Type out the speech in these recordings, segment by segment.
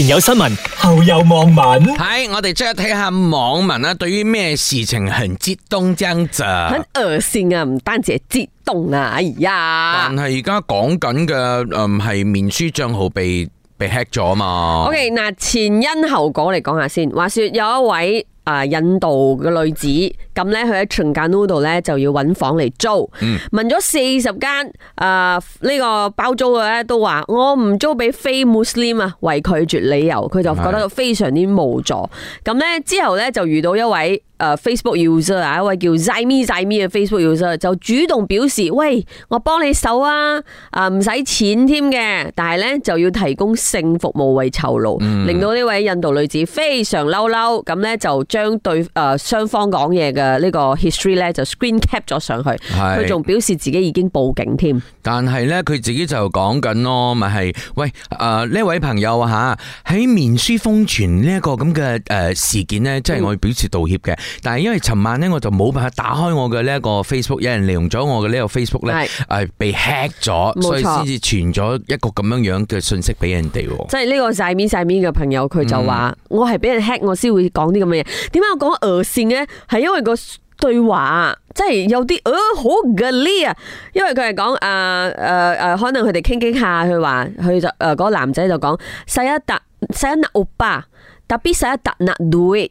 前有新聞，後有網民。睇，我哋即刻睇下網民啦，對於咩事情很激動掙咋很惡心啊，唔單止係激動啊，哎呀！但係而家講緊嘅，嗯，係面書賬號被被 hack 咗啊嘛。OK，嗱，前因後果嚟講下先說說。話說有一位。啊！印度嘅女子咁咧，佢喺 Chennai 度咧就要揾房嚟租，嗯、問咗四十間啊呢個包租嘅咧都話我唔租俾非 Muslim 啊，為拒絕理由，佢就覺得非常之無助。咁咧的之後咧就遇到一位。誒，Facebook u 用戶啊，一位叫 Zee Mi Zee Mi 嘅 Facebook user，就主動表示：喂，我幫你手啊，啊唔使錢添嘅，但係咧就要提供性服務為酬勞，令到呢位印度女子非常嬲嬲，咁咧就將對誒雙方講嘢嘅呢個 history 咧就 screen cap 咗上去，佢仲是表示自己已經報警添。但係咧，佢自己就講緊咯，咪、就、係、是、喂，誒、呃、呢位朋友啊吓，喺面書封存呢一個咁嘅誒事件呢，即係我要表示道歉嘅。嗯。但係因為尋晚咧，我就冇辦法打開我嘅呢一個 Facebook，有人利用咗我嘅呢個 Facebook 咧，誒係被 hack 咗，所以先至傳咗一個咁樣樣嘅信息俾人哋。即係呢個晒面晒面嘅朋友，佢就話我係俾人 hack，我先會講啲咁嘅嘢。點解我講惡心呢？係因為個對話即係有啲哦好 girly 啊，因為佢係講誒誒誒，可能佢哋傾傾下，佢話佢就誒嗰、呃那個男仔就講晒一笪晒一笪歐巴，特別晒一笪唔 d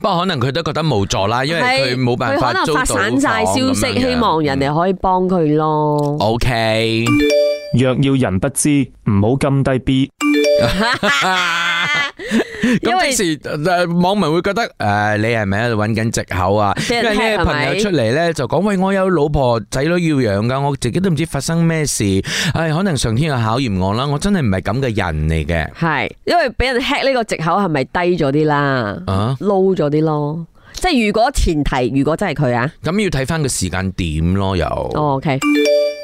不過可能佢都覺得無助啦，因為佢冇辦法再對佢可能發散晒消息，樣希望人哋可以幫佢咯。OK，若要人不知，唔好咁低 B。 咁因即時誒、呃，網民會覺得誒、呃，你係咪喺度揾緊藉口啊？因為咩朋友出嚟咧就講，喂，我有老婆仔女要養噶，我自己都唔知發生咩事，誒，可能上天又考驗我啦，我真係唔係咁嘅人嚟嘅。係，因為俾人 hack 呢個藉口係咪低咗啲啦？啊，low 咗啲咯。即係如果前提，如果真係佢啊，咁、嗯、要睇翻個時間點咯、oh, okay.。又 ，OK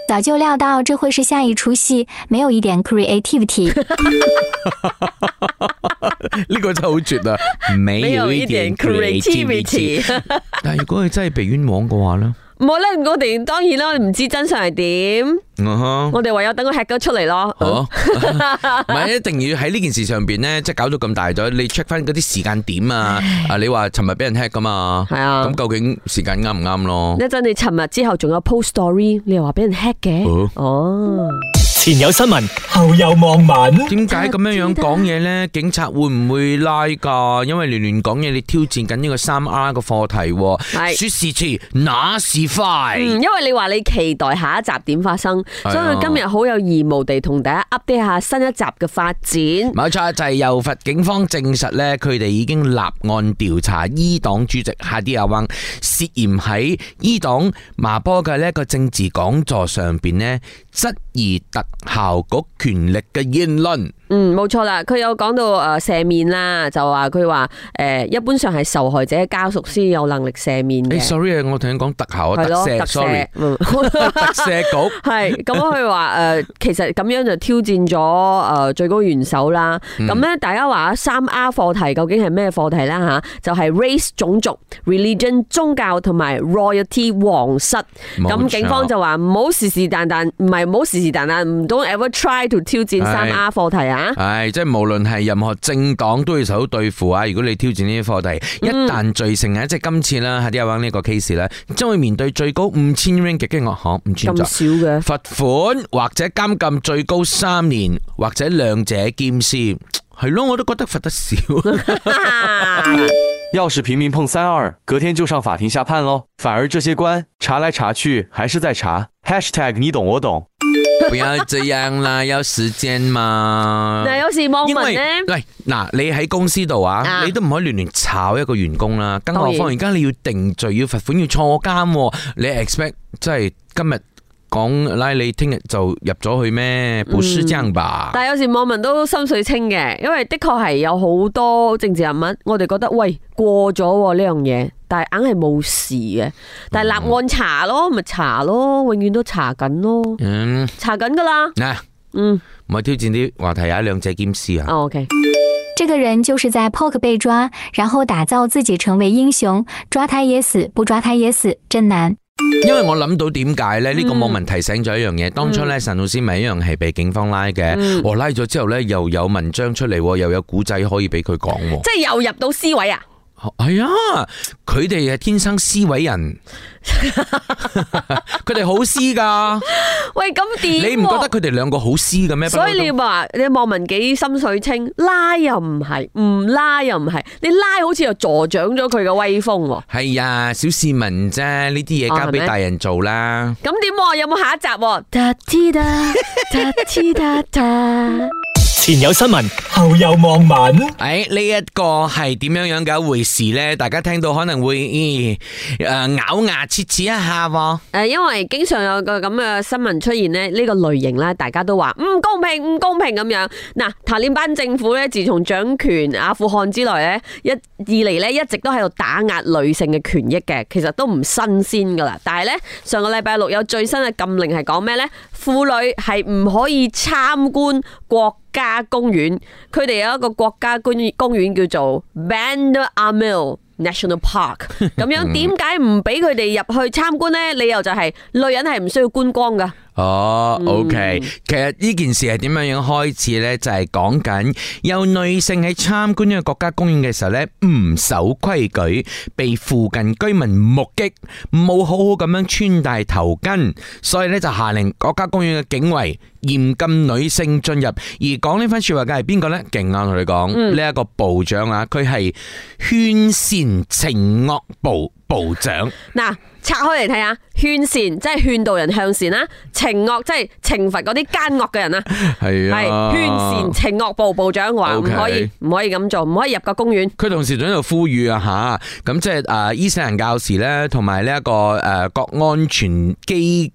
樂。就料到這會是下一出戲，沒有一點 creativity。 呢 個真係好絕啊！ 沒有一點 creativity 但係如果佢真係被冤枉嘅話咧，唔好咧，我哋當然啦，唔知真相係點。Uh huh. 我哋唯有等佢 hack 咗出嚟咯、uh。唔、huh. 係 一定要喺呢件事上邊咧，即係搞到咁大咗，你 check 翻嗰啲時間點啊！啊，你話尋日俾人 hack 噶嘛？係啊。咁究竟時間啱唔啱咯？一陣你尋日之後仲有 post story，你又話俾人 hack 嘅？哦、uh。Huh. Oh. 前有新聞，後有網民。點解咁樣樣講嘢咧？警察會唔會拉噶？因為亂亂講嘢，你挑戰緊呢個三 R 個課題。係說時遲，那時快。嗯，因為你話你期待下一集點發生，所以佢今日好有義務地同大家 update 下新一集嘅發展。冇錯，就係柔佛警方證實咧，佢哋已經立案調查伊黨主席哈迪阿旺涉嫌喺伊黨麻坡嘅呢一個政治講座上邊咧。質疑特效局權力嘅言論。嗯，冇錯啦，佢有講到誒赦免啦，就話佢話誒一般上係受害者家屬先有能力赦免誒，sorry 啊，我聽講特赦啊，特赦特 o r、嗯、特赦局係咁，佢話誒，其實咁樣就挑戰咗誒最高元首啦。咁咧、嗯，大家話三 R 課題究竟係咩課題咧吓？就係、是、race 種族、religion 宗教同埋 royalty 皇室。咁警方就話唔好是是但但唔係唔好是是但但唔 don't ever try to 挑戰三,三 R 課題啊！係、啊哎，即係無論係任何政黨都要受到對付啊！如果你挑戰呢啲課題，一旦罪成啊，嗯、即係今次啦，喺台灣呢個 case 咧，將會面對最高五千 Ringgit 嘅金額，吓五千咁少嘅罰款或者監禁最高三年或者兩者兼施。係咯，我都覺得罰得少。 要是平民碰三二，隔天就上法庭下判咯。反而這些官查來查去，還是在查。Hashtag，你懂我懂。 不要這樣啦，時間有時間嘛？嗱，有時網民咧，嚟嗱，你喺公司度啊，啊你都唔可以亂亂炒一個員工啦。更何況而家你要定罪，要罰款，要坐監、啊，你 expect 即係今日講拉你，聽日就入咗去咩？不是這樣吧？嗯、但係有時網民都心水清嘅，因為的確係有好多政治人物，我哋覺得喂過咗呢樣嘢。但係硬係冇事嘅，但係立案查咯，咪查咯，永遠都查緊咯，查緊噶啦。嗯，咪挑戰啲話題有一兩者兼施啊。哦、o、okay、K，這個人就是在 poke 被抓，然後打造自己成為英雄，抓他也死，不抓他也死，真難。因為我諗到點解咧？這個問題嗯、呢個網民提醒咗一樣嘢，當初咧，陳老師咪一樣係被警方拉嘅，我、嗯哦、拉咗之後咧，又有文章出嚟，又有古仔可以俾佢講，即係、嗯、又入到思維啊。 係、哎、 啊，佢哋係天生思維人，佢哋好思㗎。喂，咁點？你唔覺得佢哋兩個好思嘅咩？所以你話你網民幾心水清拉，又唔係，唔拉又唔係，你拉好似又助長咗佢嘅威風。係啊、哎，小市民啫，呢啲嘢交俾大人做啦。咁點、哦啊？有冇下一集、啊？噠噠噠噠噠噠。前有新聞，後有網民。喺呢一個係點樣樣嘅一回事咧？大家聽到可能會誒咬牙切齒一下喎。誒，因為經常有個咁嘅新聞出現咧，呢個類型咧，大家都話唔公平，唔公平咁樣。嗱，塔利班政府咧，自從掌權阿富汗之內咧，一二嚟，咧，一直都喺度打壓女性嘅權益嘅，其實都唔新鮮噶啦。但係咧，上個禮拜六有最新嘅禁令係講咩咧？婦女係唔可以參觀國家公園，佢哋有一個國家公園叫做 Bandar Amil National Park，咁樣點解唔俾佢哋入去參觀呢？理由就係、是、女人係唔需要觀光噶。哦、oh，OK、嗯、其實呢件事係點樣樣開始呢？就係講緊有女性喺參觀呢個國家公園嘅時候呢，唔守規矩，被附近居民目擊，冇好好咁樣穿戴頭巾，所以呢，就下令國家公園嘅警衛嚴禁女性進入。而講呢番說話嘅係邊個呢？勁啱同你講呢個部長啊，佢係勸善懲惡部。部長，嗱，拆開嚟睇下勸善即係勸導人向善啦，懲惡即係懲罰嗰啲奸惡嘅人啦，係 啊，勸善懲惡部部長話唔可以唔 Okay. 可以咁做，唔可以入個公園。佢同時仲喺度呼籲啊吓，咁即係，誒，伊斯蘭教士咧，同埋呢一個誒各、呃、安全機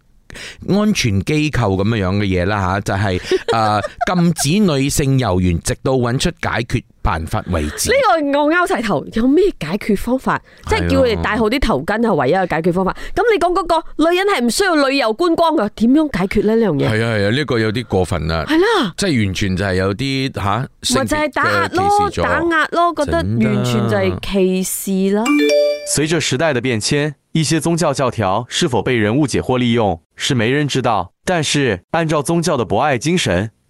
安全機構咁樣樣嘅嘢啦吓，就係、是、誒、呃、禁止女性遊園，直到揾出解決辦法為止，呢個我拗晒頭，有咩解決方法？即係叫佢哋戴好啲頭巾係唯一嘅解決方法。咁的你講嗰、那個女人係唔需要旅遊觀光噶？點樣解決呢呢樣嘢？係啊係啊，呢、這個有啲過分啊，係啦的，即係完全就係有啲吓，或者係打壓咯，打壓咯，覺得完全就係歧視咯。的隨着時代的變遷，一些宗教教條是否被人誤解或利用，是沒人知道。但是按照宗教嘅博愛精神。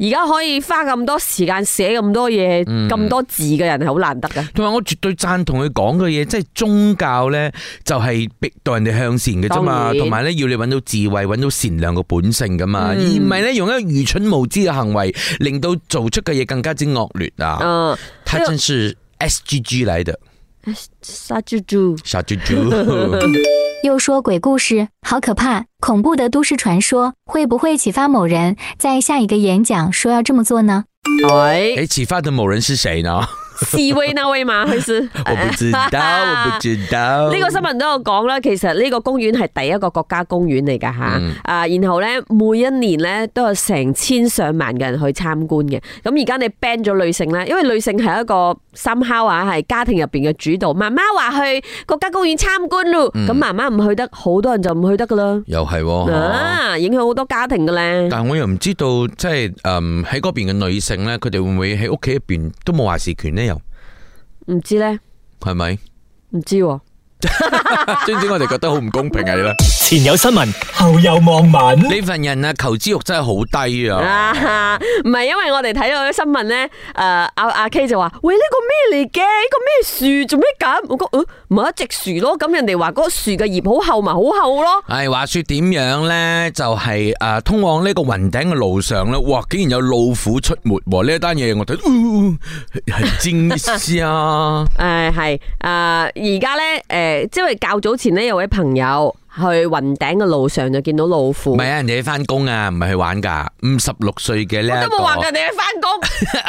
而家可以花咁多時間寫咁多嘢、咁、嗯、多字嘅人係好難得嘅。同埋我絕對贊同佢講嘅嘢，即係宗教咧就係逼到人哋向善嘅啫嘛，同埋咧要你揾到智慧、揾到善良嘅本性噶嘛，而唔係咧用一個愚蠢無知嘅行為令到做出嘅嘢更加之惡劣啊！嗯這個、他真是 S G G 嚟嘅，小豬豬，小豬豬。又說鬼故事好可怕，恐怖的都市傳說會不會啟發某人在下一個演講說要這麼做呢？誒喂，欸、啟發的某人是誰呢？是位那位嘛還 是？我不， 我不知道，我不知道。呢個新聞都有講啦，其實呢個公園係第一個國家公園嚟㗎吓，嗯、啊，然後咧每一年咧都有成千上萬嘅人去參觀嘅。咁而家你 ban 咗女性喇，因為女性係一個。心敲啊，係家庭入邊嘅主導。媽媽話去國家公園參觀咯，咁媽媽唔去得好多人就唔去得噶啦。又係啊，影響好多家庭㗎咧。但係我又唔知道，即係誒，喺嗰邊嘅女性咧，佢哋會唔會喺屋企入邊都冇話事權咧？又唔知咧，係咪唔知？總之我哋覺得好唔公平係啦，前有新聞，後有網民。呢份人啊，求知欲真係好低啊！唔係因為我哋睇到啲新聞咧，誒，阿阿 K 就話：喂，呢個咩嚟嘅？呢個咩樹？做咩咁？我覺得嗯。唔係一隻樹咯，咁人哋話嗰個樹嘅葉好厚咪好厚咯。係、哎、話說點樣咧？就係、是、誒、啊，通往呢個雲頂嘅路上咧，哇！竟然有老虎出沒喎！呢一單嘢我睇，係正思啊！誒、係、呃、誒，而家咧誒，即係較早前呢，有位朋友。去雲頂嘅路上就見到老虎。唔係啊，人哋去翻工啊，唔係去玩噶。五十六歲嘅咧，我都冇話人哋去翻工，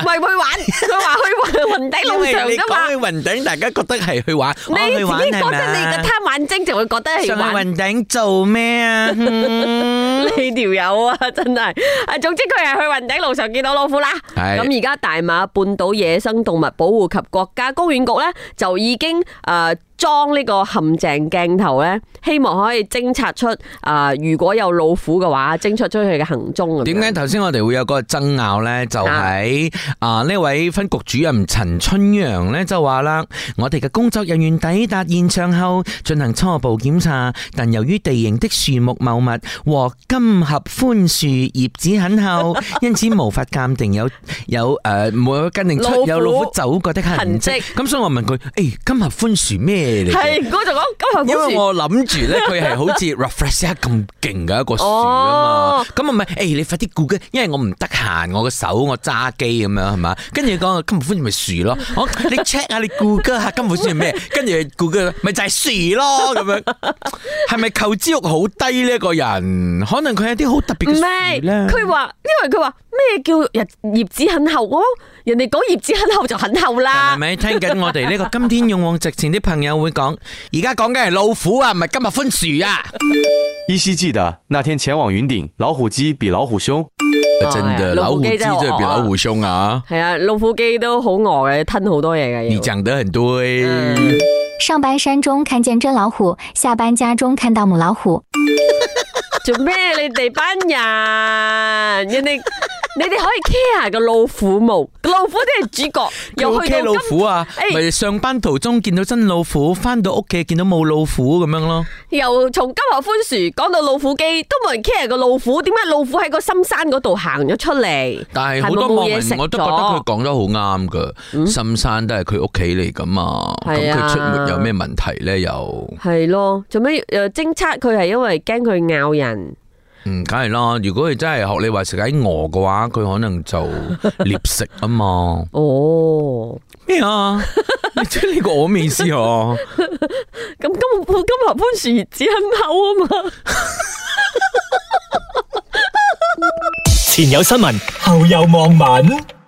唔係去玩。佢話去雲頂路上咁話。講去雲頂，大家覺得係去玩。你自己覺得你嘅貪玩精就會覺得去玩。上雲頂做咩啊？呢條友啊，真係。啊，總之佢係去雲頂路上見到老虎啦。咁而家大馬半島野生動物保護及國家公園局咧就已經誒。裝呢個陷阱鏡頭呢，希望可以偵察出啊、呃，如果有老虎嘅話，偵察出佢嘅行蹤。點解頭先我哋會有個爭拗呢？就喺、是、啊呢、呃、位分局主任陳春陽呢，就話啦，我哋嘅工作人員抵達現場後進行初步檢查，但由於地形的樹木茂密和金合歡樹葉子很厚，因此無法鑒定有有誒冇鑒定出有老虎走過的痕跡。咁所以我問佢：誒、哎，金合歡樹咩？係，就講，因為我諗住咧，佢係好似 refresh 咁勁嘅一個樹啊嘛。咁啊咪，誒、欸、你快啲 Google 因為我唔得閒，我個手我揸機咁樣係嘛。跟住講金蒲樹咪樹咯。 我你 check 下你 Google 下金蒲樹咩？跟住 Google 咪就係、是、樹咯。咁樣係咪求知欲好低呢？一個人可能佢有啲好特別嘅樹咧。佢話，因為佢話。咩叫葉葉子很厚？我人哋講葉子很厚就很厚啦，係咪？聽緊我哋呢個今天勇往直前啲朋友會講，而家講緊係老虎啊，唔係今日番薯啊。依稀記得那天前往雲頂，老虎機比老虎凶。真的老虎機真係比老虎凶啊！係啊，老虎機都好餓嘅，吞好、啊啊、多嘢嘅、啊。你講得很對。嗯、 上班山中看見真老虎，下班家中看到母老虎。 做咩？你哋班人，人哋。 你哋可以 care 個老虎冇，個老虎都係主角。又去 a 老虎啊？咪、哎、上班途中見到真老虎，翻到屋企見到冇老虎咁樣咯。又從金河歡樹講到老虎機，都冇人 care 個老虎。點解老虎喺個深山嗰度行咗出嚟？但係好多是是網民我都覺得佢講得好啱噶，嗯、深山都係佢屋企嚟噶嘛。咁佢、嗯、出門有咩問題咧？又係咯？做咩？誒，偵測佢係因為驚佢咬人。嗯，梗係啦。如果佢真係學你話食喺鵝嘅話，佢可能就獵食啊嘛。哦，咩啊？你知呢個我咩意思？咁今今日番薯葉子肯偷啊嘛。前有新聞，後有網民。